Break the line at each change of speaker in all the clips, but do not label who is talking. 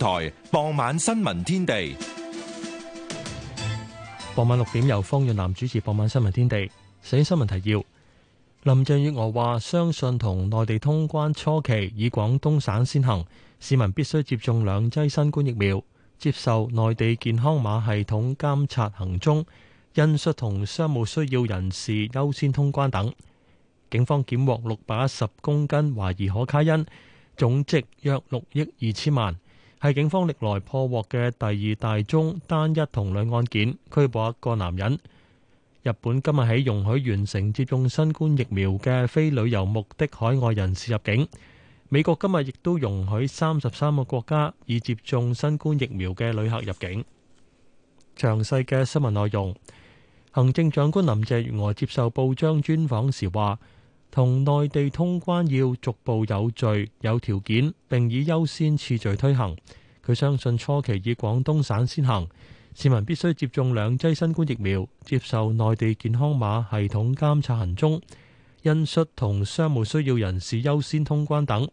台傍，傍晚新聞天地，傍晚六點由方潤南主持。傍晚新聞天地，寫新聞提要。林鄭月娥話：相信同內地通關初期以廣東省先行，市民必須接種兩劑新冠疫苗，接受內地健康碼系統監察行蹤，恩恤同商務需要人士優先通關等。警方檢獲六百一十公斤懷疑可卡因，總值約六億二千萬。係警方歷來破獲嘅第二大宗單一同類案件，拘捕一個男人。日本今日喺容許完成接種新冠疫苗嘅非旅遊目的海外人士入境。美國今日亦都容許三十三個國家已接種新冠疫苗嘅旅客入境。詳細嘅新聞內容，行政長官林鄭月娥接受報章專訪時話，同內地通關要逐步有序、有條件，並以優先次序推行。佢相信初期以廣東省先行，市民必須接種兩劑新冠疫苗，接受內地健康碼系統監察行蹤，恩恤同商務需要人士優先通關等。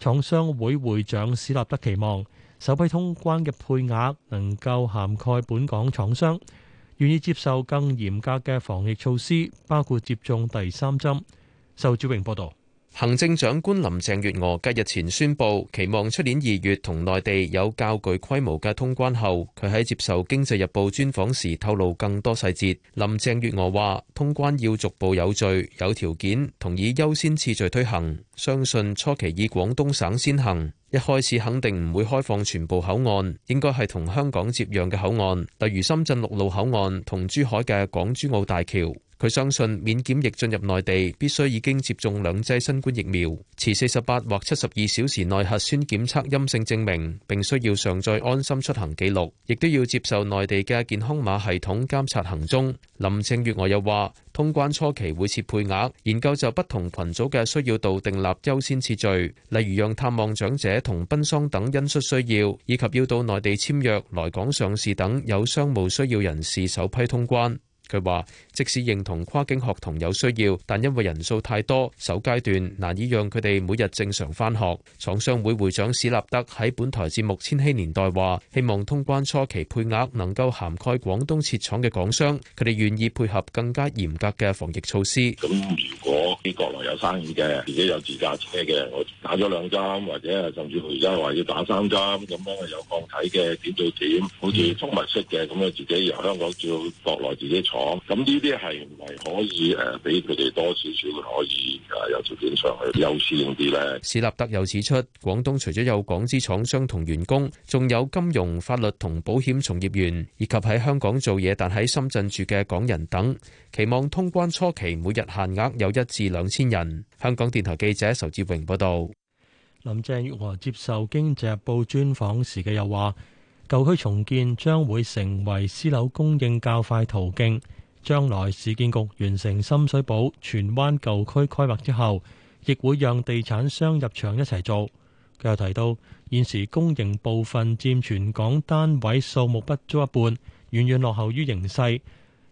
廠商會會長史立德期望首批通關嘅配額能夠涵蓋本港廠商，願意接受更嚴格嘅防疫措施，包括接種第三針。受朱榮報道，行政
長官林鄭月娥繼日前宣布期望出年二月同內地有較具規模嘅通關後，佢喺接受《經濟日報》專訪時透露更多細節。林鄭月娥話：通關要逐步有序、有條件，同以優先次序推行。相信初期以廣東省先行，一開始肯定唔會開放全部口岸，應該係同香港接壤嘅口岸，例如深圳陸路口岸同珠海嘅港珠澳大橋。佢相信免檢疫進入內地，必須已經接種兩劑新冠疫苗，持四十八或七十二小時內核酸檢測陰性證明，並需要上載安心出行記錄，亦都要接受內地嘅健康碼系統監察行蹤，林鄭月娥又話，通關初期會設配額研究就不同群組嘅需要度訂立優先次序，例如讓探望長者同奔喪等因素需要，以及要到內地簽約來港上市等有商務需要人士首批通關。佢話，即使認同跨境學童有需要，但因為人數太多，首階段難以讓佢哋每日正常翻學，廠商會會長史立德喺本台節目《千禧年代》話，希望通關初期配額能夠涵蓋廣東設廠嘅港商，佢哋願意配合更加嚴格嘅防疫措施。咁如
果啲國內有生意嘅，自己有自駕車嘅，我打咗兩針或者甚至乎而家話要打三針咁樣，因為有抗體嘅點對點好似蜂蜜式嘅，咁啊自己由香港至到國內自己。咁呢啲係咪可以誒俾佢哋多少少可以誒有條件上去優先
啲咧？史立德又指出，廣東除咗有港資廠商同員工，仲有金融、法律同保險從業員，以及喺香港做嘢但喺深圳住嘅港人等，期望通關初期每日限額有一至兩千人。香港電台記者仇志榮報道。
林鄭月娥接受經濟日報專訪時嘅又話。舊區重建將會成為私樓供應較快途徑。將來市建局完成深水埗、荃灣舊區規劃之後，亦會讓地產商入場一齊做。佢又提到，現時公營部分佔全港單位數目不足一半，遠遠落後於形勢，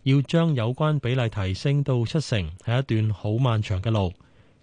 要將有關比例提升到七成，係一段好漫長嘅路。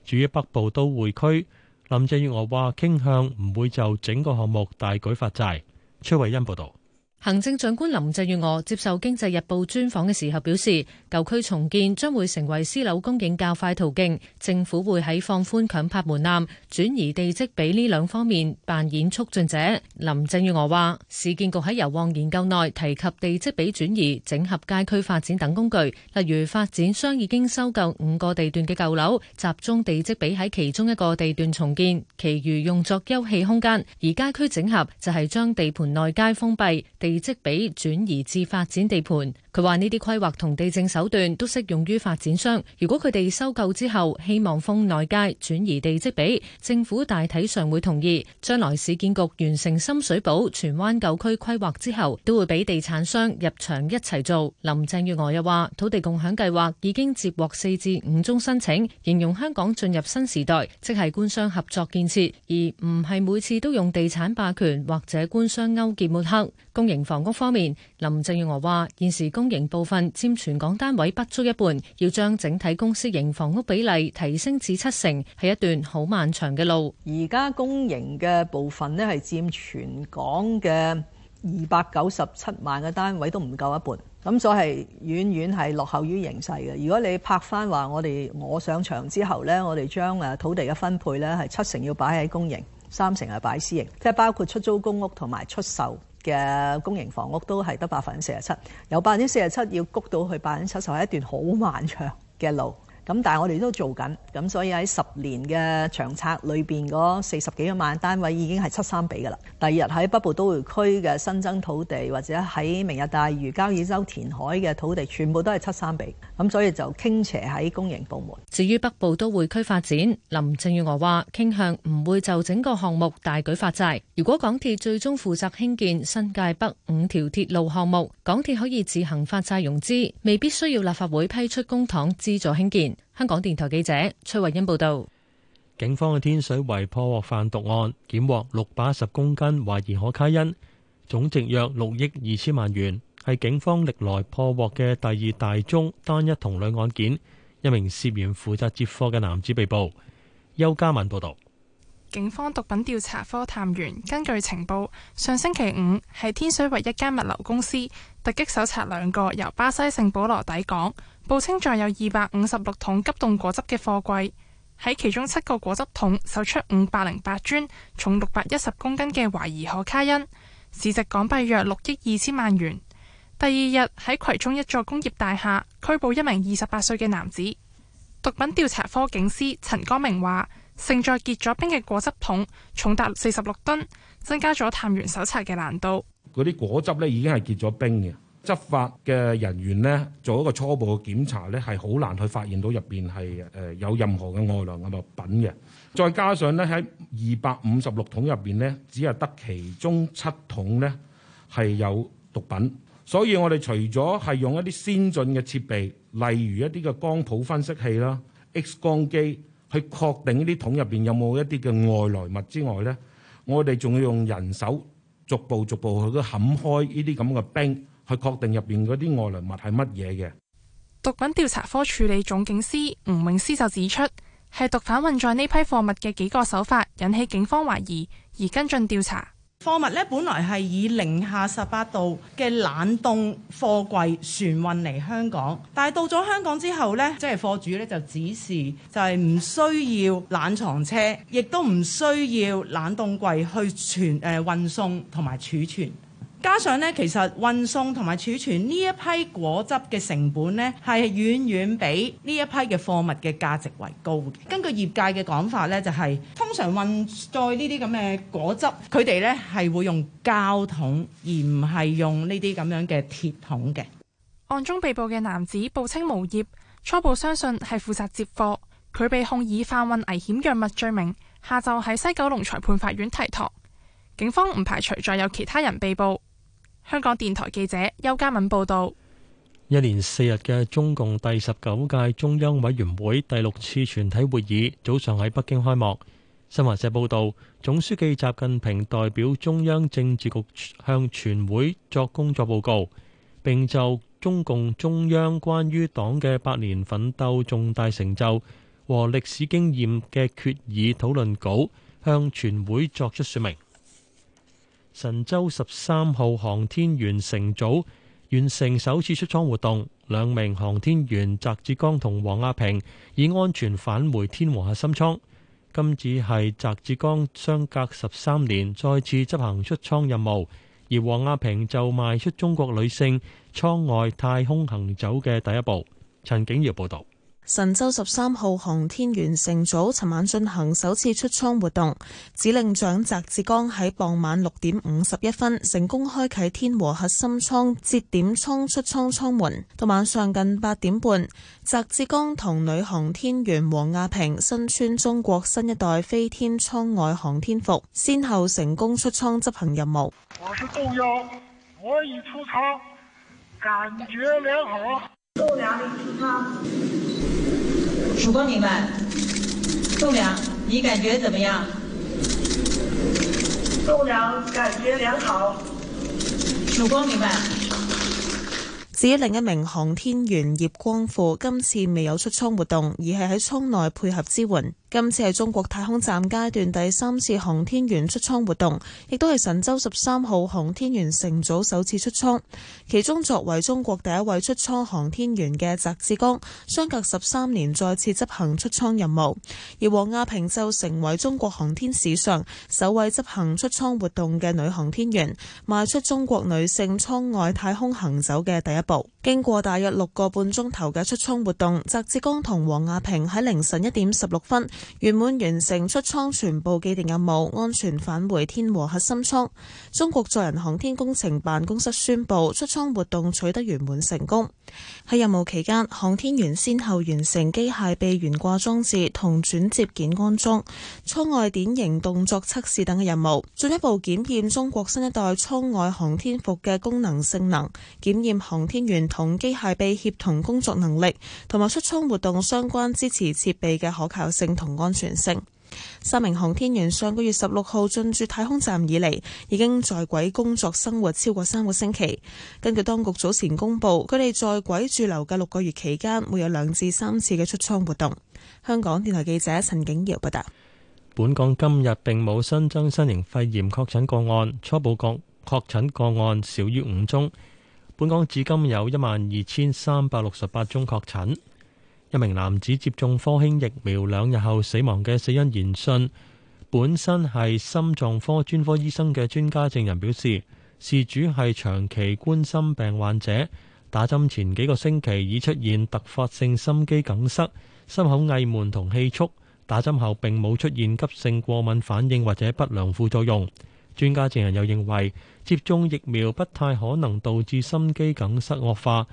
至於北部都會區，林鄭月娥話傾向唔會就整個項目大舉發債。崔慧欣報道。
行政長官林鄭月娥接受《經濟日報》專訪嘅時候表示，舊區重建將會成為私樓供應較快途徑，政府會喺放寬強拍門檻、轉移地積比呢兩方面扮演促進者。林鄭月娥話，市建局喺油旺研究內提及地積比轉移、整合街區發展等工具，例如發展商已經收購五個地段嘅舊樓，集中地積比喺其中一個地段重建，其餘用作休憩空間；而街區整合就係將地盤內街封閉。地積比轉移至發展地盤。佢話呢啲規劃同地政手段都適用於發展商，如果佢哋收購之後希望封內街轉移地積比，政府大體上會同意。將來市建局完成深水埗荃灣舊區規劃之後，都會俾地產商入場一齊做。林鄭月娥又話：土地共享計劃已經接獲四至五宗申請，形容香港進入新時代，即係官商合作建設，而唔係每次都用地產霸權或者官商勾結抹黑。公營房屋方面，林鄭月娥話現時。公營部分佔全港單位不足一半，要將整體公私營房屋比例提升至七成，係一段好漫長嘅路。而家公營嘅部分咧，係佔全港嘅二百九十七萬嘅單位都唔夠一半，咁所以係遠遠係落後於形勢嘅。如果你拍翻話我哋，我上場之後呢，我哋將誒土地嘅分配呢係七成要擺喺公營，三成係擺私營，即係包括出租公屋同埋出售。嘅公營房屋都係得百分之四十七，由百分之四十七要谷到去百分之七十，係一段好漫長嘅路。咁但係我哋都做緊，咁所以喺十年嘅長策裏邊，嗰四十幾個萬單位已經係七三比㗎啦。第二日喺北部都會區嘅新增土地，或者喺明日大嶼交椅洲填海嘅土地，全部都係七三比。咁所以就傾斜喺公營部門。至於北部都會區發展，林鄭月娥話傾向唔會就整個項目大舉發債，如果港鐵最終負責興建新界北五條鐵路項目，港鐵可以自行發債融資，未必需要立法會批出公帑資助興建。香港電台記者崔慧欣報道，
警方喺天水圍破獲販毒案，檢獲六百一十公斤懷疑可卡因，總值約六億二千萬元，係警方歷來破獲嘅第二大宗單一同類案件。一名涉嫌負責接貨嘅男子被捕。邱家文報道，
警方毒品調查科探員根據情報，上星期五喺天水圍一間物流公司突擊搜查兩個由巴西聖保羅抵港。報稱載有二百五十六桶急凍果汁嘅貨櫃，喺其中七個果汁桶搜出五百零八磚重六百一十公斤嘅懷疑可卡因，市值港幣約六億二千萬元。第二日喺葵涌一座工業大廈拘捕一名二十八歲嘅男子。毒品調查科警司陳光明話，盛載結咗冰嘅果汁桶重達四十六噸，增加咗探員搜查嘅難度。
嗰啲果汁呢已經係結咗冰嘅。執法嘅人員咧，做一個初步嘅檢查咧，係好難去發現到入邊係誒有任何嘅外來嘅物品嘅。再加上咧喺二百五十六桶入邊咧，只係得其中七桶咧係有毒品，所以我哋除咗係用一啲先進嘅設備，例如一啲嘅光譜分析器啦、X 光機去確定呢啲桶入邊有冇一啲嘅外來物之外咧，我哋仲要用人手逐步逐步去到冚開呢啲咁嘅冰。去確定入邊嗰啲外來物係乜嘢嘅
毒
品。調查科處理總警司吳永思就指出，係毒販運載呢批貨物嘅幾個手法引起警方懷疑，而跟進調查貨物呢，本來係以零下十八度嘅冷凍貨櫃船運嚟香港，但係到咗
香港之後呢，即係貨主呢，就指示就係唔需要冷藏車，亦都唔需要冷凍櫃去存誒、呃、運送同埋儲存。加上咧，其實運送同埋儲存呢一批果汁嘅成本呢，係遠遠比呢一批嘅貨物嘅價值為高嘅。根據業界嘅講法呢，就係，通常運載呢啲咁嘅果汁，佢哋呢係會用膠桶，而唔係用呢啲咁樣嘅鐵桶嘅。
案中被捕嘅男子報稱無業，初步相信係負責接貨。佢被控以販運危險藥物罪名，下晝喺西九龍裁判法院提堂。警方唔排除再有其他人被捕。香港電台記者邱嘉敏報道，
一連四日嘅中共第十九屆中央委員會第六次全體會議早上喺北京開幕。新華社報道，總書記習近平代表中央政治局向全會作工作報告，並就中共中央關於黨嘅百年奮鬥重大成就和歷史經驗嘅決議討論稿向全會作出說明。神舟十三號航天員乘組完成首次出艙活動，兩名航天員翟志剛同王亞平已安全返回天和核心艙。今次係翟志剛相隔十三年再次執行出艙任務，而王亞平就邁出中國女性艙外太空行走嘅第一步。陳景耀報道。
神舟十三號航天員乘組尋晚進行首次出艙活動，指令長翟志剛喺傍晚六點五十一分成功開啟天和核心艙節點艙出艙艙門，到晚上近八點半，翟志剛同女航天員王亞平身穿中國新一代飛天艙外航天服，先後成功出艙執行任務。
我是杜洋，我已出艙，感覺良好。
曙光明白。棟梁，你感覺怎麼樣？
棟梁感覺良好。
曙光明白。至於另一名航天員葉光富，今次未有出艙活動，而係喺艙內配合支援。今次係中國太空站階段第三次航天員出艙活動，亦都係神舟十三號航天員乘組首次出艙。其中，作為中國第一位出艙航天員嘅翟志剛相隔十三年再次執行出艙任務，而王亞平就成為中國航天史上首位執行出艙活動嘅女航天員，邁出中國女性艙外太空行走嘅第一步。經過大約六個半鐘頭嘅出艙活動，翟志剛同王亞平喺凌晨一點十六分，圓滿完成出艙全部既定任務，安全返回天和核心艙。中國載人航天工程辦公室宣佈，出艙活動取得圓滿成功。喺任務期間，航天員先後完成機械臂懸掛裝置同轉接件安裝、艙外典型動作測試等嘅任務，進一步檢驗中國新一代艙外航天服嘅功能性能，檢驗航天員同機械臂協同工作能力，同埋出艙活動相關支持設備嘅可靠性同。安全性。三名航天員上個月十六號進駐太空站以嚟，已經在軌工作生活超過三個星期。根據當局早前公布，佢哋在軌駐留嘅六個月期間，會有兩至三次嘅出艙活動。香港電台記者陳景瑤報道。
本港今日並冇新增新型肺炎確診個案，初步確確診個案少於五宗。本港至今有一萬二千三百六十八宗確診。一名男子接種科興疫苗兩日後死亡嘅死因研訊，本身係心臟科專科醫生嘅專家證人表示，事主係長期冠心病患者，打針前幾個星期已出現突發性心肌梗塞、心口翳悶同氣促，打針後並冇出現急性過敏反應或者不良副作用。專家證人又認為，接種疫苗不太可能導致心肌梗塞惡化。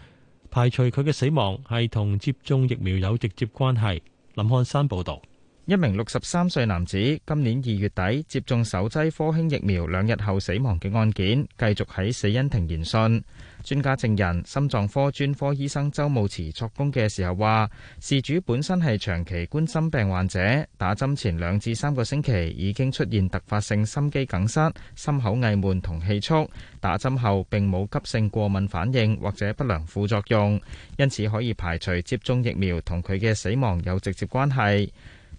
排除佢嘅死亡係同接種疫苗有直接關係。林漢山報道，一名六十三歲男子
今年二月底接種首劑科興疫苗兩日後死亡嘅案件，繼續喺死因庭言訊。專家證人、心臟科專科醫生周慕慈作供嘅時候話：事主本身係長期冠心病患者，打針前兩至三個星期已經出現突發性心肌梗塞、心口翳悶同氣促，打針後並冇急性過敏反應或者不良副作用，因此可以排除接種疫苗同佢嘅死亡有直接關係。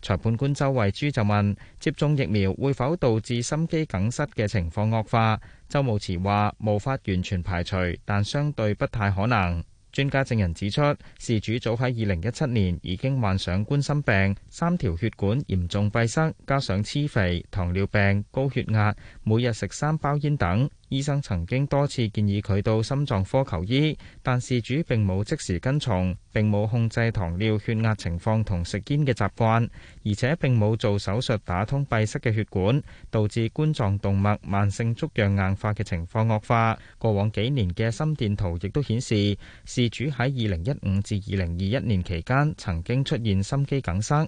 裁判官周慧珠就問：接種疫苗會否導致心肌梗塞嘅情況惡化？周慕慈話：無法完全排除，但相對不太可能。專家證人指出，事主早喺二零一七年已經患上冠心病，三條血管嚴重閉塞，加上痴肥、糖尿病、高血壓，每日食三包煙等。醫生曾經多次建議佢到心臟科求醫，但事主並冇即時跟從，並冇控制糖尿、血壓情況同食煙嘅習慣，而且並冇做手術打通閉塞嘅血管，導致冠狀動脈慢性粥樣硬化嘅情況惡化。過往幾年嘅心電圖亦都顯示，事主喺二零一五至二零二一年期間曾經出現心肌梗塞。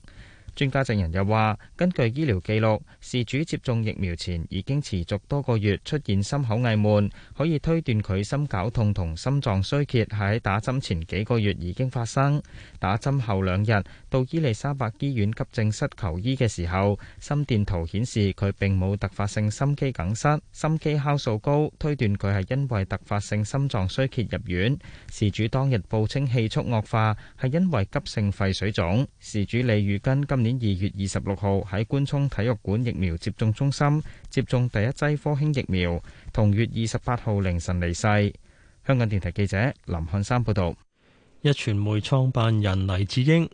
專家證人又話，根據醫療記錄，事主接種疫苗前已經持續多個月出現心口翳悶，可以推斷佢心絞痛同心臟衰竭喺打針前幾個月已經發生。打針後兩日到伊利沙白醫院急症室求醫嘅時候，心電圖顯示佢並冇突發性心肌梗塞，心肌酵素高，推斷佢係因為突發性心臟衰竭入院。事主當日報稱氣促惡化係因為急性肺水腫。事主李如根今今年二月二十六號喺官涌體育館疫苗接種中心接種第一劑科興疫苗，同月二十八號
凌晨離世。香港電台記者林漢山報道。壹傳媒創辦人黎智英、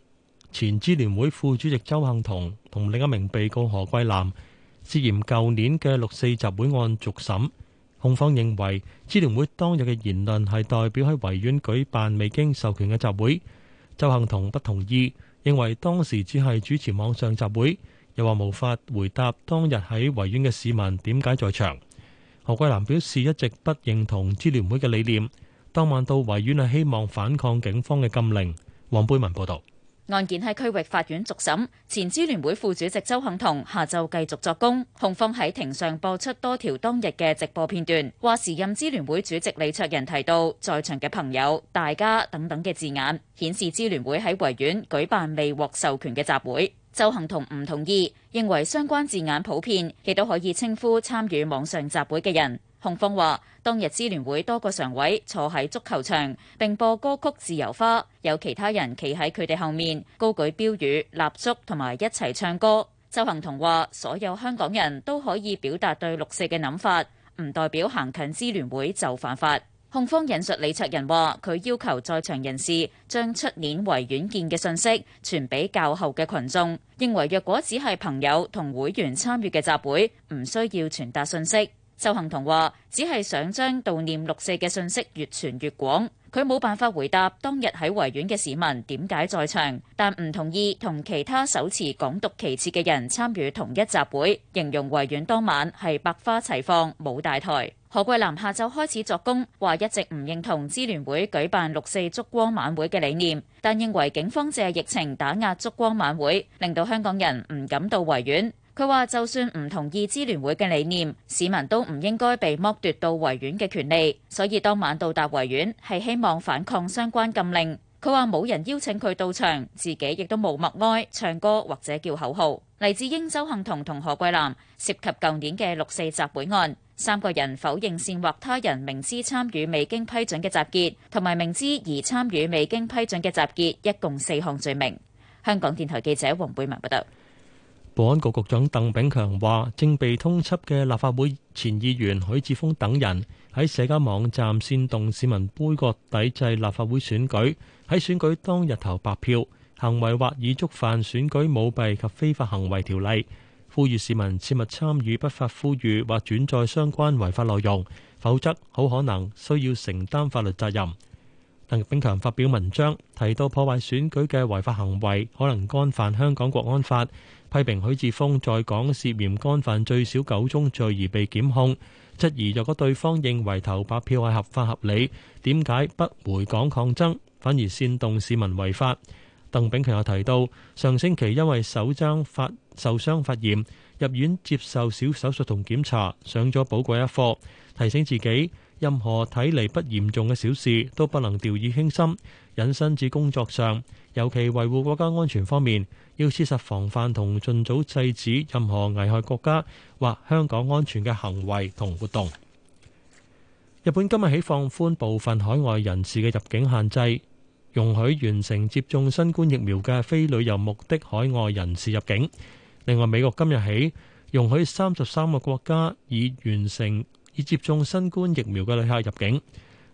前支聯會副主席周幸彤同另一名被告何桂藍涉嫌舊年嘅六四集會案續審，控方認為支聯會當日嘅言論係代表喺維園舉辦未經授權嘅集會，周幸彤不同意。認為當時只係主持網上集會，又話無法回答當日喺維園嘅市民點解在場。何桂蘭表示一直不認同支聯會嘅理念，當晚到維園係希望反抗警方嘅禁令。黃貝文報道。
案件喺區域法院續審，前支聯會副主席周幸彤下晝繼續作供。控方喺庭上播出多條當日嘅直播片段，話時任支聯會主席李卓人提到在場嘅朋友、大家等等嘅字眼，顯示支聯會喺維園舉辦未獲授權嘅集會。周幸彤唔同意，認為相關字眼普遍，亦都可以稱呼參與網上集會嘅人。控方話：當日支聯會多個常委坐喺足球場，並播歌曲《自由花》，有其他人企喺佢哋後面高舉標語、蠟燭同埋一齊唱歌。鄒幸彤話：所有香港人都可以表達對六四嘅諗法，唔代表行近支聯會就犯法。控方引述李卓人話：佢要求在場人士將出年維園見嘅信息傳俾較後嘅群眾，認為若果只係朋友同會員參與嘅集會，唔需要傳達信息。鄒幸彤話：只係想將悼念六四嘅信息越傳越廣，佢冇辦法回答當日喺維園嘅市民點解在場，但唔同意同其他手持港獨旗幟嘅人參與同一集會，形容維園當晚係百花齊放冇大台。何桂藍下晝開始作供，話一直唔認同支聯會舉辦六四燭光晚會嘅理念，但認為警方借疫情打壓燭光晚會，令到香港人唔敢到維園。佢話：就算唔同意支聯會嘅理念，市民都唔應該被剝奪到維園嘅權利。所以當晚到達維園係希望反抗相關禁令。佢話冇人邀請佢到場，自己亦都冇默哀、唱歌或者叫口號。黎智英、鄒幸彤同何桂藍涉及舊年嘅六四集會案，三個人否認煽惑他人明知參與未經批准嘅集結，同埋明知而參與未經批准嘅集結，一共四項罪名。香港電台記者黃貝文報道。
保安局局長鄧炳強話：正被通緝嘅立法會前議員許智峯等人喺社交網站煽動市民杯葛抵制立法會選舉，喺選舉當日投白票行為，或已觸犯《選舉舞弊及非法行為條例》。呼籲市民切勿參與不法呼籲或轉載相關違法內容，否則好可能需要承擔法律責任。鄧炳強發表文章提到，破壞選舉嘅違法行為可能干犯《香港國安法》。批評許智峰在港涉嫌干犯最少九宗罪而被檢控，質疑若果對方認為投白票係合法合理，點解不回港抗爭，反而煽動市民違法？鄧炳強又提到，上星期因為手踭發受傷發炎，入院接受小手術同檢查，上咗寶貴一課，提醒自己任何睇嚟不嚴重嘅小事都不能掉以輕心，引申至工作上，尤其維護國家安全方面。要切實防範同盡早制止任何危害國家或香港安全嘅行為同活動。日本今日起放寬部分海外人士嘅入境限制，容許完成接種新冠疫苗嘅非旅遊目的海外人士入境。另外，美國今日起容許三十三個國家已完成已接種新冠疫苗嘅旅客入境。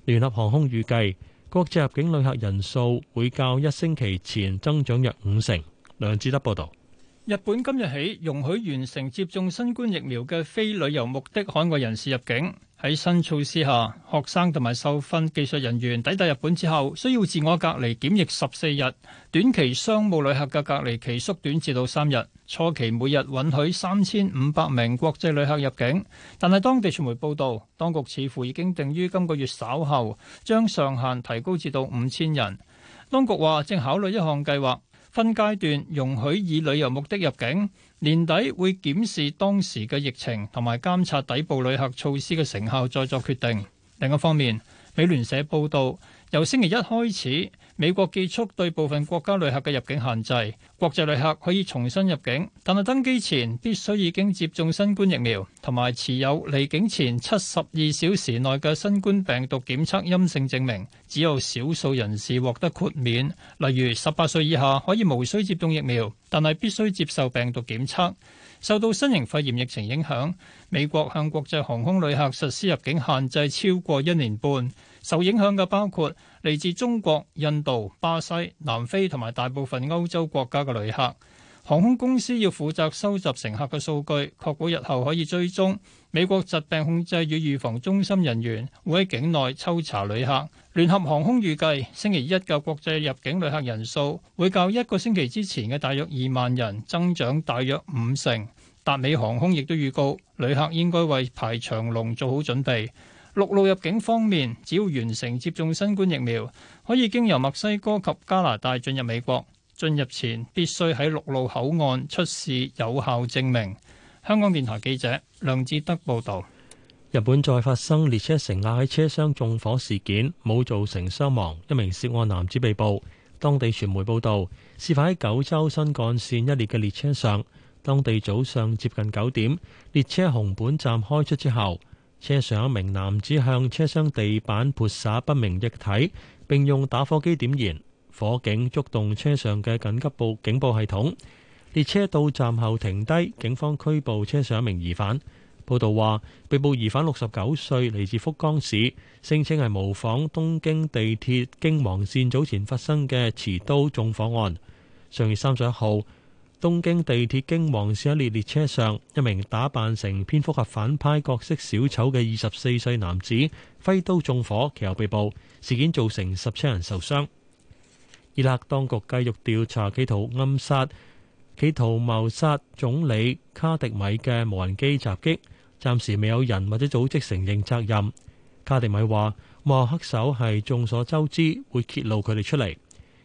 聯合航空預計國際入境旅客人數會較一星期前增長約五成。梁志德報道：
日本今日起容許完成接種新冠疫苗嘅非旅遊目的海外人士入境。喺新措施下，學生同埋受訓技術人員抵達日本之後，需要自我隔離檢疫十四日。短期商務旅客嘅隔離期縮短至到三日。初期每日允許三千五百名國際旅客入境，但係當地傳媒報道，當局似乎已經定於今個月稍後將上限提高至到五千人。當局話正考慮一項計劃。分階段容許以旅遊目的入境，年底會檢視當時嘅疫情同埋監察抵埗旅客措施嘅成效，再作決定。另一方面，美聯社報道，由星期一開始，美國結束對部分國家旅客嘅入境限制，國際旅客可以重新入境，但係登機前必須已經接種新冠疫苗，同埋持有離境前七十二小時內嘅新冠病毒檢測陰性證明。只有少數人士獲得豁免，例如十八歲以下可以無需接種疫苗，但係必須接受病毒檢測。受到新型肺炎疫情影響，美國向國際航空旅客實施入境限制超過一年半。受影響嘅包括嚟自中國、印度、巴西、南非同埋大部分歐洲國家嘅旅客。航空公司要負責收集乘客嘅數據，確保日後可以追蹤。美國疾病控制與預防中心人員會喺境內抽查旅客。聯合航空預計星期一嘅國際入境旅客人數會較一個星期之前嘅大約二萬人增長大約五成。達美航空亦都預告，旅客應該為排長龍做好準備。陸路入境方面，只要完成接種新冠疫苗，可以經由墨西哥及加拿大進入美國，進入前必須喺陸路口岸出示有效證明。香港電台記者梁志德報道。
日本再發生列車乘客喺車廂縱火事件，冇造成傷亡，一名涉案男子被捕。當地傳媒報道，事發喺九州新幹線一列嘅列車上。當地早上接近九點，列車熊本站開出之後。車上一名男子向車廂地板潑灑不明液體，並用打火機點燃。火警觸動車上嘅緊急報警報系統。列車到站後停低，警方拘捕車上一名疑犯。報道話，被捕疑犯六十九歲，嚟自福岡市，聲稱係模仿東京地鐵京王綫早前發生嘅持刀縱火案。上月三十一號。東京地鐵京王線一列列車上，一名打扮成蝙蝠俠反派角色小丑嘅二十四歲男子揮刀縱火，其後被捕。事件造成十七人受傷。伊拉克當局繼續調查企圖暗殺、企圖謀殺總理卡迪米嘅無人機襲擊，暫時未有人或者組織承認責任。卡迪米話：幕後黑手係眾所周知，會揭露佢哋出嚟。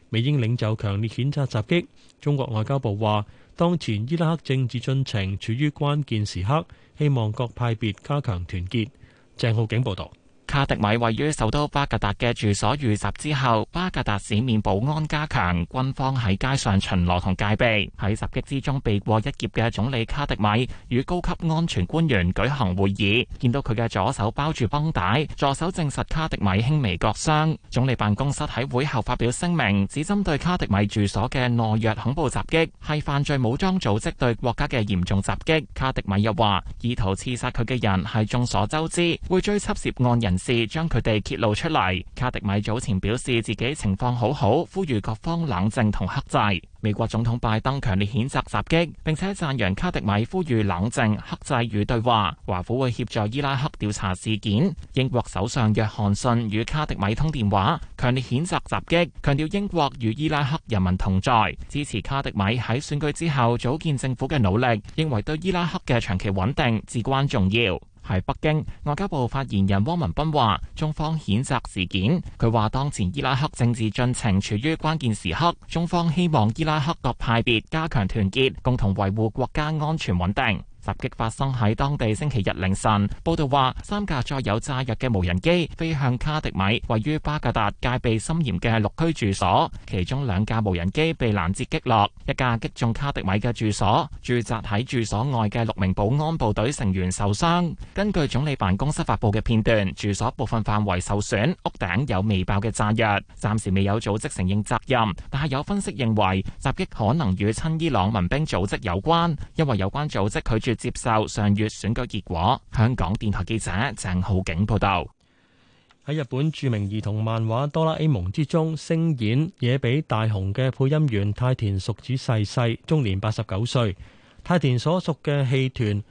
美英領袖強烈譴責襲擊。中國外交部話，當前伊拉克政治進程處於關鍵時刻，希望各派別加強團結。鄭浩景報導。卡
迪米位於首都巴格達嘅住所遇襲之後，巴格達市面保安加強，軍方喺街上巡邏同戒備。喺襲擊之中被過一劫嘅總理卡迪米與高級安全官員舉行會議，見到佢嘅左手包住繃帶，助手證實卡迪米輕微割傷。總理辦公室喺會後發表聲明，指針對卡迪米住所嘅懦弱恐怖襲擊係犯罪武裝組織對國家嘅嚴重襲擊。卡迪米又話：意圖刺殺佢嘅人係眾所周知，會追緝涉案人。將佢哋揭露出嚟。卡迪米早前表示自己情況好好，呼籲各方冷靜同克制。美國總統拜登強烈譴責襲擊，並且讚揚卡迪米呼籲冷靜、克制與對話。華府會協助伊拉克調查事件。英國首相約翰遜與卡迪米通電話，強烈譴責襲擊，強調英國與伊拉克人民同在，支持卡迪米喺選舉之後組建政府嘅努力，認為對伊拉克嘅長期穩定至關重要。喺北京，外交部發言人汪文斌話中方譴責事件。佢話當前伊拉克政治進程處於關鍵時刻，中方希望伊拉克各派別加強團結，共同維護國家安全穩定。襲擊發生喺當地星期日凌晨。報道話，三架載有炸藥嘅無人機飛向卡迪米位於巴格達戒備森嚴嘅綠區住所，其中兩架無人機被攔截擊落，一架擊中卡迪米嘅住所。駐紮喺住所外嘅六名保安部隊成員受傷。根據總理辦公室發布嘅片段，住所部分範圍受損，屋頂有未爆嘅炸藥。暫時未有組織承認責任，但係有分析認為襲擊可能與親伊朗民兵組織有關，因為有關組織拒絕。接受上月選舉結果。香港電台記者鄭浩景報道：
喺日本著名兒童漫畫《哆啦 A 夢》之中，聲演野比大雄嘅配音員太田淑子逝世，終年八十九歲。太田所屬嘅戲團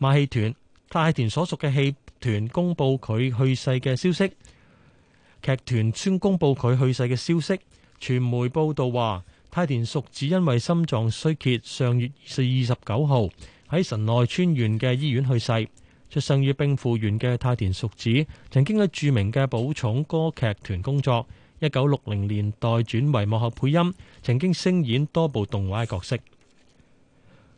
馬戲團，太田所屬嘅戲團公佈佢去世嘅消息。劇團宣公佈佢去世嘅消息。傳媒報道話，太田淑子因為心臟衰竭，上月二十九號。喺神奈川縣嘅醫院去世。出生於兵庫縣嘅太田淑子，曾經喺著名嘅寶塚歌劇團工作。一九六零年代轉為幕後配音，曾經聲演多部動畫嘅角色。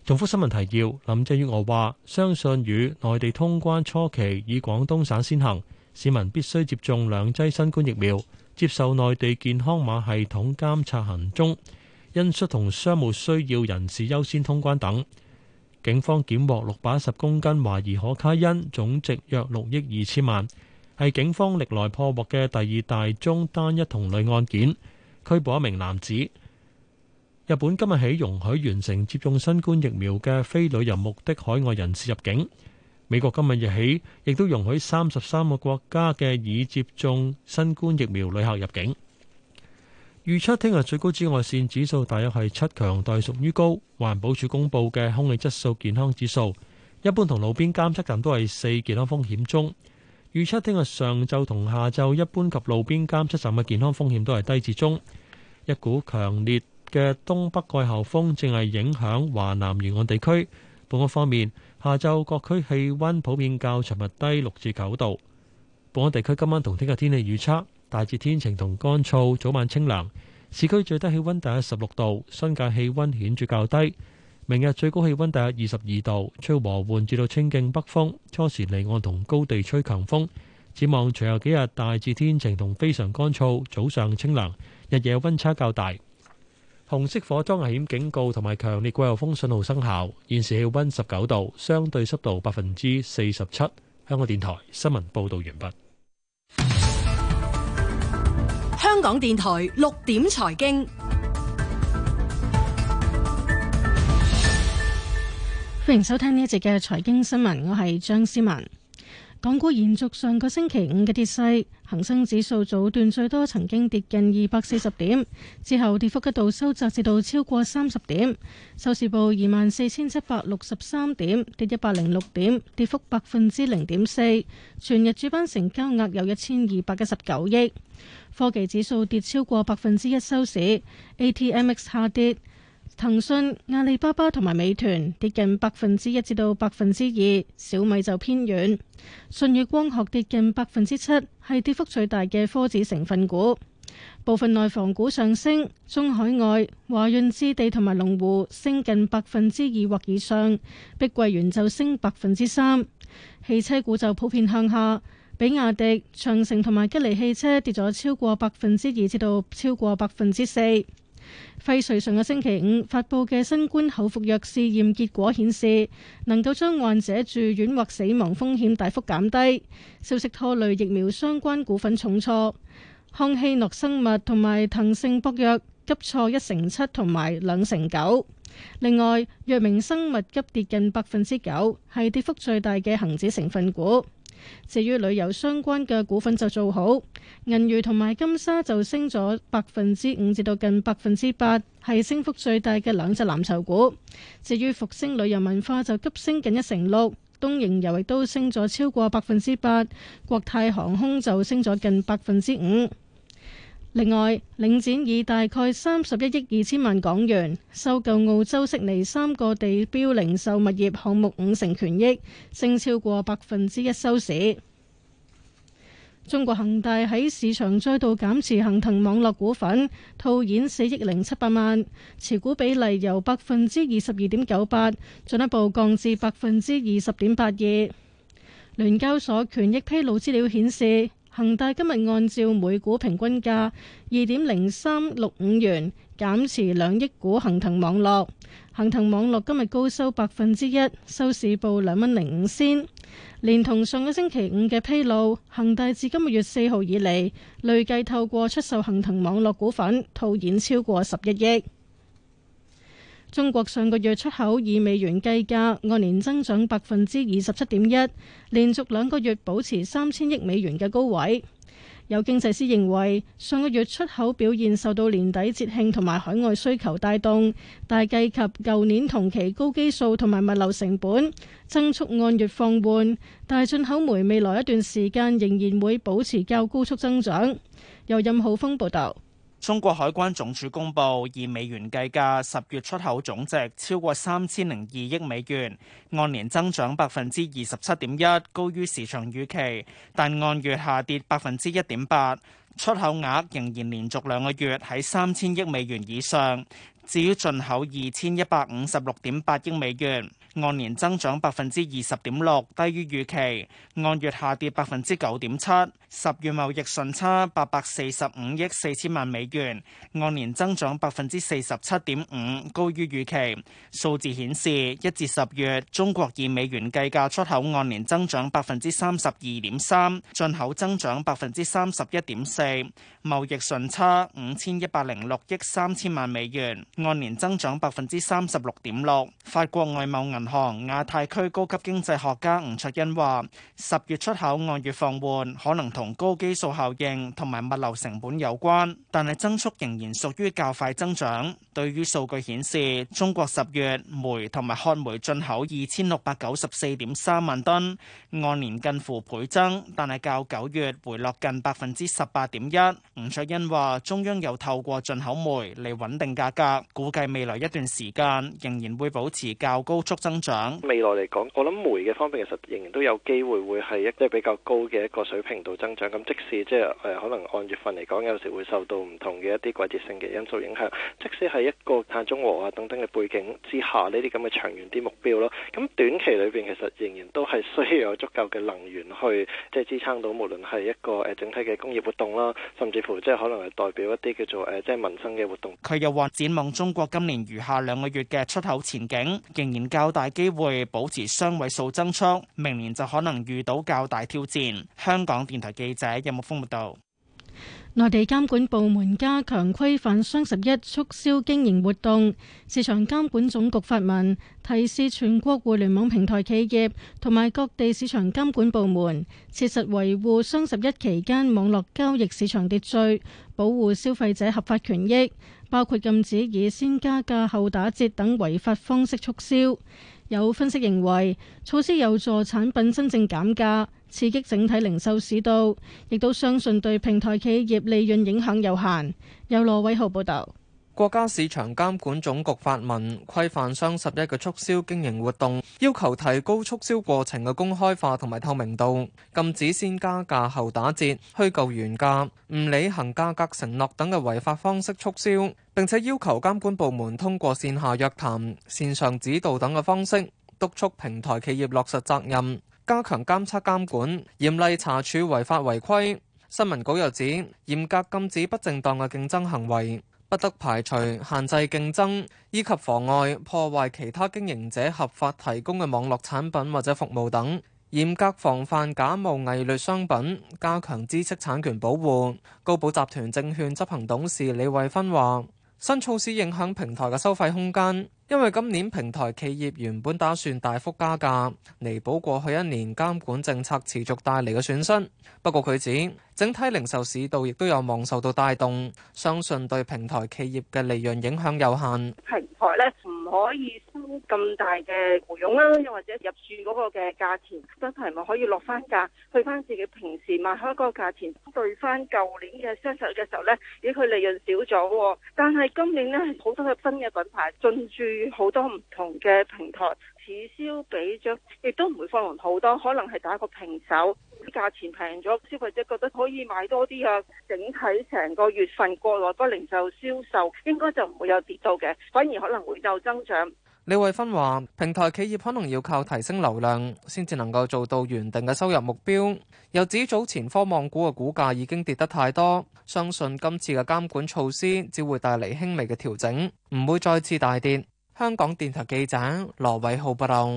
重複新聞提要：林鄭月娥話，相信與內地通關初期以廣東省先行，市民必須接種兩劑新冠疫苗，接受內地健康碼系統監察行蹤，恩恤同商務需要人士優先通關等。警方檢獲六百一十公斤懷疑可卡因，總值約六億二千萬，係警方歷來破獲嘅第二大宗單一同類案件，拘捕一名男子。日本今日起容許完成接種新冠疫苗嘅非旅遊目的海外人士入境。美國今日亦起亦都容許三十三個國家嘅已接種新冠疫苗旅客入境。預測聽日最高紫外線指數大約係七強，代屬於高。環保署公布嘅空氣質素健康指數，一般同路邊監測站都係四，健康風險中。預測聽日上晝同下晝一般及路邊監測站嘅健康風險都係低至中。一股強烈嘅東北季候風正係影響華南沿岸地區。本港方面，下晝各區氣温普遍較尋日低六至九度。本港地區今晚同聽日天氣預測。大致天晴同乾燥，早晚清涼。市區最低氣溫大約十六度，新界氣溫顯著較低。明日最高氣溫大約二十二度，吹和緩至到清勁北風，初時離岸同高地吹強風。展望隨後幾日，大致天晴同非常乾燥，早上清涼，日夜溫差較大。紅色火災危險警告同埋強烈季候風信號生效。現時氣溫十九度，相對濕度百分之四十七。香港電台新聞報道完畢。
香港電台六點財經，
歡迎收聽呢一節嘅財經新聞。我係張思文。港股延續上個星期五嘅跌勢，恒生指數早段最多曾經跌近二百四十點，之後跌幅一度收窄至到超過三十點。收市報二萬四千七百六十三點，跌一百零六點，跌幅百分之零點四。全日主板成交額有一千二百一十九億。科技指數跌超過百分之一收市，ATMX 下跌，騰訊、阿里巴巴同埋美團跌近百分之一至到百分之二，小米就偏軟。舜宇光學跌近百分之七，係跌幅最大嘅科指成分股。部分內房股上升，中海外、華潤置地同埋龍湖升近百分之二或以上，碧桂園就升百分之三。汽車股就普遍向下。比亞迪、長城同埋吉利汽車跌咗超過百分之二，至到超過百分之四。輝瑞上個星期五發布嘅新冠口服藥試驗結果顯示，能夠將患者住院或死亡風險大幅減低。消息拖累疫苗相關股份重挫，康希諾生物同埋騰盛博藥急挫一成七同埋兩成九。另外，藥明生物急跌近百分之九，係跌幅最大嘅恒指成分股。至於旅遊相關嘅股份就做好，銀娛同埋金沙就升咗百分之五至到近百分之八，係升幅最大嘅兩隻藍籌股。至於復星旅遊文化就急升近一成六，東瀛遊亦都升咗超過百分之八，國泰航空就升咗近百分之五。另外，領展以大概三十一億二千萬港元收購澳洲悉尼三個地標零售物業項目五成權益，升超過百分之一收市。中國恒大喺市場再度減持恒騰網絡股份，套現四億零七百萬，持股比例由百分之二十二點九八進一步降至百分之二十點八二。聯交所權益披露資料顯示。恒大今日按照每股平均價二點零三六五元減持兩億股恒騰網絡，恒騰網絡今日高收百分之一，收市報兩蚊零五仙。連同上個星期五嘅披露，恒大自今個月四號以嚟累計透過出售恒騰網絡股份套現超過十一億。中國上個月出口以美元計價，按年增長百分之二十七點一，連續兩個月保持三千億美元嘅高位。有經濟師認為，上個月出口表現受到年底節慶同埋海外需求帶動，但係計及舊年同期高基數同埋物流成本，增速按月放緩。但係進口煤未來一段時間仍然會保持較高速增長。由任浩峰報導。
中國海關總署公布，以美元計價，十月出口總值超過三千零二億美元，按年增長百分之二十七點一，高於市場預期，但按月下跌百分之一點八，出口額仍然連續兩個月喺三千億美元以上。至於進口二千一百五十六點八億美元。按年增長百分之二十點六，低於預期；按月下跌百分之九點七，十月貿易順差八百四十五億四千萬美元，按年增長百分之四十七點五，高於預期。數字顯示，一至十月中國以美元計價出口按年增長百分之三十二點三，進口增長百分之三十一點四，貿易順差五千一百零六億三千萬美元，按年增長百分之三十六點六。法國外貿銀行亞太區高級經濟學家吳卓恩話：十月出口按月放緩，可能同高基數效應同埋物流成本有關，但係增速仍然屬於較快增長。對於數據顯示，中國十月煤同埋褐煤進口二千六百九十四點三萬噸，按年近乎倍增，但係較九月回落近百分之十八點一。吳卓恩話：中央又透過進口煤嚟穩定價格，估計未來一段時間仍然會保持較高速增。
未來嚟講，我諗煤嘅方面其實仍然都有機會會係一個比較高嘅一個水平度增長。咁
即使即係誒可能按月份嚟講，有時會受到唔同嘅一啲季節性嘅因素影響。即
使係一個碳中和啊等等嘅背景之下，呢啲咁嘅長遠啲目標咯。咁短期裏邊其實仍然都係需要有足夠嘅能源去即係支撐到無論係一個誒、呃、整體嘅工業活動啦，甚至乎即係可能係代表一啲叫做誒、呃、即係民生嘅活動。
佢又話展望中國今年餘下兩個月嘅出口前景仍然較大。大機會保持雙位數增速，明年就可能遇到較大挑戰。香港電台記者任木峰報道。
內地監管部門加強規範雙十一促銷經營活動，市場監管總局發文提示全國互聯網平台企業同埋各地市場監管部門，切實維護雙十一期間網絡交易市場秩序，保護消費者合法權益，包括禁止以先加價後打折等違法方式促銷。有分析認為，措施有助產品真正減價，刺激整體零售市道，亦都相信對平台企業利潤影響有限。由羅偉浩報導。國家
市場監管總局發文規範雙十一嘅促銷經營活動，要求提高促銷過程嘅公開化同埋透明度，禁止先加價後打折、虛構原價、唔履行價格承諾等嘅違法方式促銷，並且要求監管部門通過線下約談、線上指導等嘅方式督促平台企業落實責任，加強監測監管，嚴厲查處違法違規。新聞稿又指，嚴格禁止不正當嘅競爭行為。不得排除限制競爭，以及妨礙破壞其他經營者合法提供嘅網絡產品或者服務等。嚴格防範假冒偽劣商品，加強知識產權保護。高寶集團證券執行董事李慧芬話，新措施影響平台嘅收費空間，因為今年平台企業原本打算大幅加價，彌補過去一年監管政策持續帶嚟嘅損失。不過佢指，整體零售市道亦都有望受到帶動，相信對平台企業嘅利潤影響有限。
平台咧唔可以收咁大嘅回傭啦，又或者入駐嗰個嘅價錢即係咪可以落翻價，去翻自己平時賣開嗰個價錢，對翻舊年嘅雙十一嘅時候咧，咦佢利潤少咗，
但係今年
咧好多新嘅品牌進駐好多唔同嘅平台。此消彼長，亦都唔會放量好多，可能係打個平手，啲價錢平咗，消費者覺得可以買多啲啊。整體成個月份國內個零售銷售應該就唔會有跌到嘅，反而可能會有增長。
李慧芬話，平台企業可能要靠提升流量，先至能夠做到原定嘅收入目標，又指早前科網股嘅股價已經跌得太多，相信今次嘅監管措施只會帶嚟輕微嘅調整，唔會再次大跌。香港電台記者羅偉浩報道。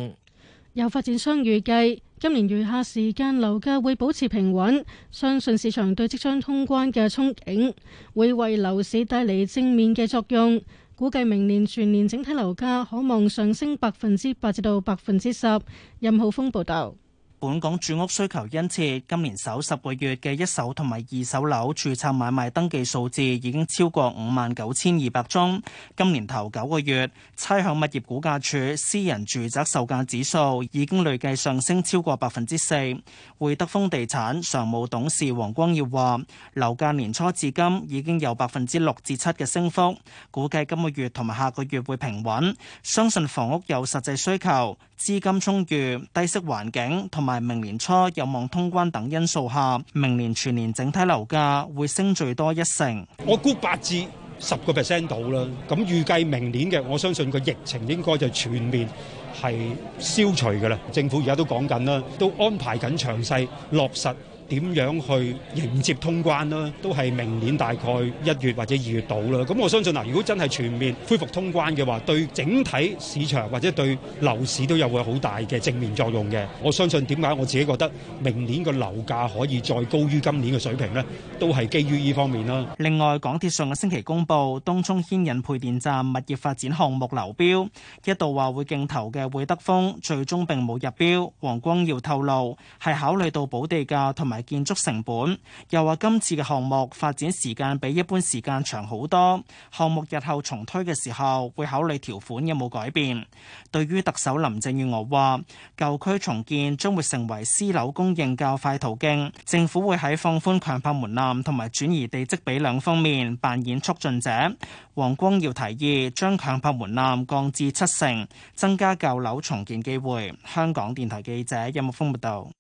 有發展商預計，今年餘下時間樓價會保持平穩，相信市場對即將通關嘅憧憬會為樓市帶嚟正面嘅作用。估計明年全年整體樓價可望上升百分之八至到百分之十。任浩峰報道。
本港住屋需求殷切，今年首十個月嘅一手同埋二手樓註冊買賣登記數字已經超過五萬九千二百宗。今年頭九個月，差餉物業估價署私人住宅售價指數已經累計上升超過百分之四。匯德豐地產常務董事黃光耀話，樓價年初至今已經有百分之六至七嘅升幅，估計今個月同埋下個月會平穩，相信房屋有實際需求。資金充裕、低息環境同埋明年初有望通關等因素下，明年全年整體樓價會升最多一成。我估八至十個 percent 度啦。
咁預計明年嘅，我相信個疫情應該就全面係消除㗎啦。政府而家都講緊啦，都安排緊詳細落實。點樣去迎接通關啦？都係明年大概一月或者二月到啦。咁我相信嗱、啊，如果真係全面恢復通關嘅話，對整體市場或者對樓市都有會好大嘅正面作用嘅。我相信點解我自己覺得明年個樓價可以再高於今年嘅
水平咧，都係基於呢方面啦、啊。另外，港鐵上個星期公布東涌牽引配電站物業發展項目流標，一度話會競投嘅會德豐，最終並冇入標。黃光耀透露係考慮到補地價同埋建築成本，又話今次嘅項目發展時間比一般時間長好多。項目日後重推嘅時候，會考慮條款有冇改變。對於特首林鄭月娥話，舊區重建將會成為私樓供應較快途徑，政府會喺放寬強拍門檻同埋轉移地積比兩方面扮演促進者。黃光耀提議將強拍門檻降至七成，增加舊樓重建機會。香港電台記者任木峯報道。有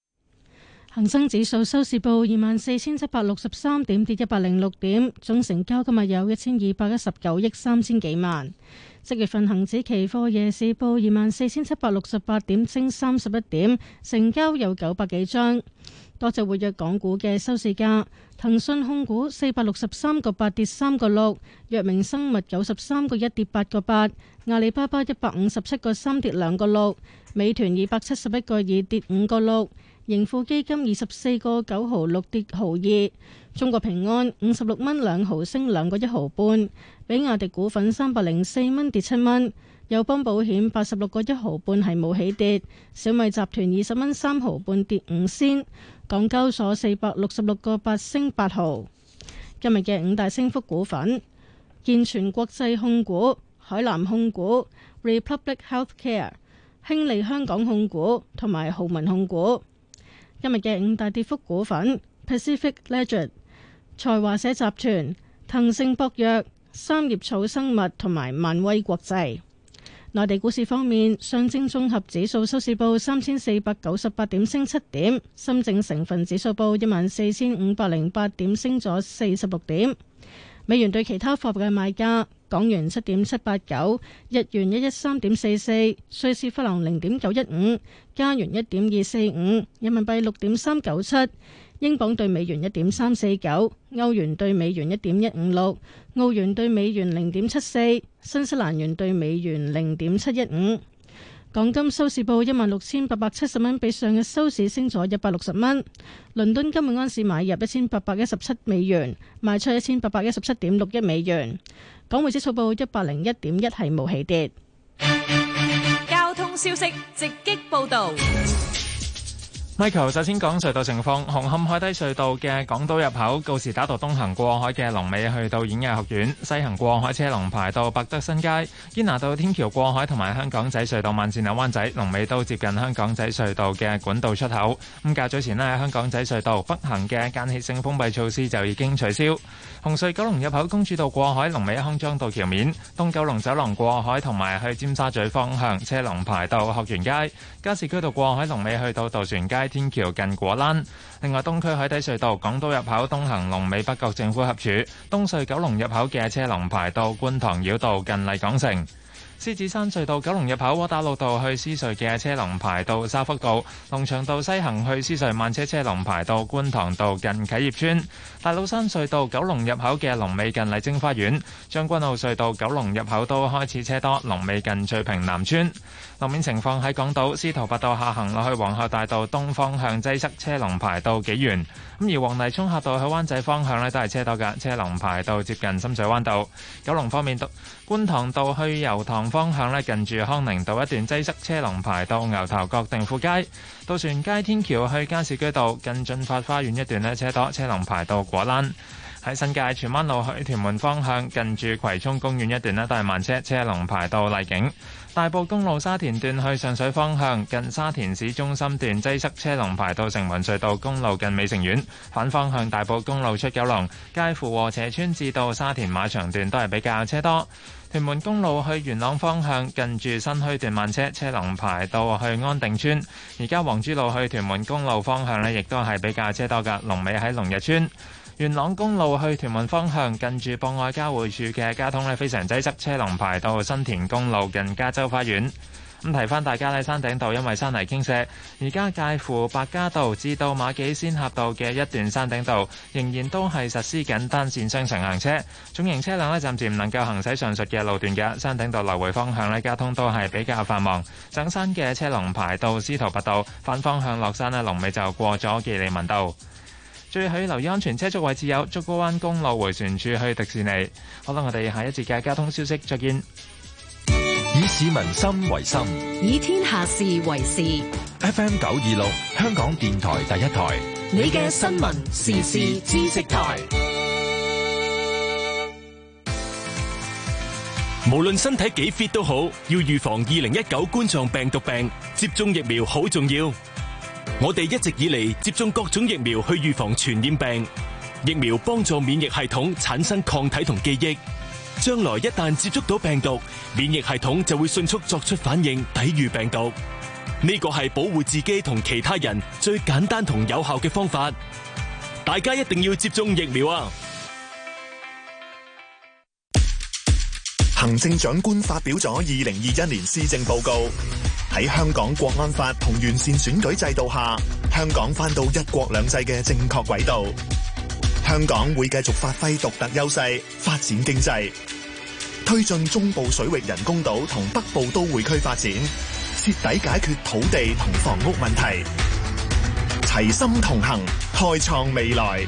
恒生指數收市報二萬四千七百六十三點，跌一百零六點，總成交今日有一千二百一十九億三千幾萬。七月份恒指期貨夜市報二萬四千七百六十八點，升三十一點，成交有九百幾張。多隻活躍港股嘅收市價：騰訊控股四百六十三個八跌三個六，藥明生物九十三個一跌八個八，阿里巴巴一百五十七個三跌兩個六，美團二百七十一個二跌五個六。盈富基金二十四個九毫六跌毫二，中國平安五十六蚊兩毫升兩個一毫半，比亞迪股份三百零四蚊跌七蚊，友邦保險八十六個一毫半係冇起跌，小米集團二十蚊三毫半跌五仙，港交所四百六十六個八升八毫。今日嘅五大升幅股份：健全國際控股、海南控股、Republic Healthcare、興利香港控股同埋豪文控股。今日嘅五大跌幅股份：Pacific Legend、財華社集團、騰盛博藥、三葉草生物同埋萬威國際。內地股市方面，上證綜合指數收市報三千四百九十八點，升七點；深證成分指數報一萬四千五百零八點，升咗四十六點。美元對其他貨幣嘅賣價：港元七點七八九，日元一一三點四四，瑞士法郎零點九一五，加元一點二四五，人民幣六點三九七，英鎊對美元一點三四九，歐元對美元一點一五六，澳元對美元零點七四，新西蘭元對美元零點七一五。港金收市報一萬六千八百七十蚊，16, 比上日收市升咗一百六十蚊。倫敦金日安市買入一千八百一十七美元，賣出一千八百一十七點六一美元。港匯指數報一百零一點一，係冇起跌。
交通消息，直擊報道。
Michael 首先講隧道情況。紅磡海底隧道嘅港島入口告士打道東行過海嘅龍尾去到演藝學院，西行過海車龍排到百德新街。堅拿道天橋過海同埋香港仔隧道慢線兩灣仔龍尾都接近香港仔隧道嘅管道出口。咁較早前呢，喺香港仔隧道北行嘅間歇性封閉措施就已經取消。紅隧九龍入口公主道過海龍尾康莊道橋面，東九龍走廊過海同埋去尖沙咀方向車龍排到學園街。加士居道過海龍尾去到渡船街。天橋近果欄，另外東區海底隧道港島入口東行龍尾北角政府合署，東隧九龍入口嘅車龍排到觀塘繞道近麗港城，獅子山隧道九龍入口窩打老道去獅隧嘅車龍排到沙福道，龍翔道西行去獅隧慢車車龍排到觀塘道近啟業村，大老山隧道九龍入口嘅龍尾近麗晶花園，將軍澳隧道九龍入口都開始車多，龍尾近翠屏南村。路面情況喺港島，司徒拔道下行落去皇后大道東方向擠塞車，車龍排到幾遠。咁而黃泥涌峽道去灣仔方向咧都係車多嘅，車龍排到接近深水灣道。九龍方面，觀塘道去油塘方向咧，近住康寧道一段擠塞車，車龍排到牛頭角定富街。渡船街天橋去加士居道近進發花園一段咧，車多，車龍排到果欄。喺新界荃灣路去屯門方向，近住葵涌公園一段咧都係慢車，車龍排到荔景。大埔公路沙田段去上水方向，近沙田市中心段擠塞，車龍排到城門隧道公路近美城苑。反方向大埔公路出九龍，介乎和斜村至到沙田馬場段都係比較車多。屯門公路去元朗方向，近住新墟段慢車，車龍排到去安定村。而家黃珠路去屯門公路方向呢，亦都係比較車多㗎，龍尾喺龍日村。元朗公路去屯門方向，近住博愛交匯處嘅交通咧非常擠塞，車龍排到新田公路近加州花園。咁提翻大家喺山頂道因為山泥傾瀉，而家介乎白加道至到馬己仙峽道嘅一段山頂道仍然都係實施緊單線雙程行車，重型車輛咧暫時唔能夠行駛上述嘅路段嘅。山頂道來回方向咧交通都係比較繁忙，上山嘅車龍排到司徒拔道，反方向落山咧龍尾就過咗紀利文道。最好留意安全車速位置有竹篙灣公路回旋處去迪士尼。好啦，我哋下一節嘅交通消息再見。以市民心為心，
以天下事為事。
F M 九二六，香港電台第一台，
你嘅新聞時事知
識台。
無論身體幾 fit 都好，要預防二零一九冠狀病毒病，接種疫苗好重要。我哋一直以嚟接種各種疫苗去預防傳染病，
疫苗幫助免疫系統產生抗體同記憶，將來一旦接觸到病毒，免疫系統就會迅速作出反應抵禦病毒。呢個係保
護自己同其他人最簡單同有效嘅方法，大家一定要接種疫苗啊！
行
政長官發表咗二零二一年施政報告。喺香港國安法同完善選舉制度下，香港返到一國兩制嘅正確軌道。香港會繼續發揮獨特優勢，發展經濟，推進中部水域人工島同北部都會區發展，徹底解決土地同
房屋問題。齊心同行，開創未來。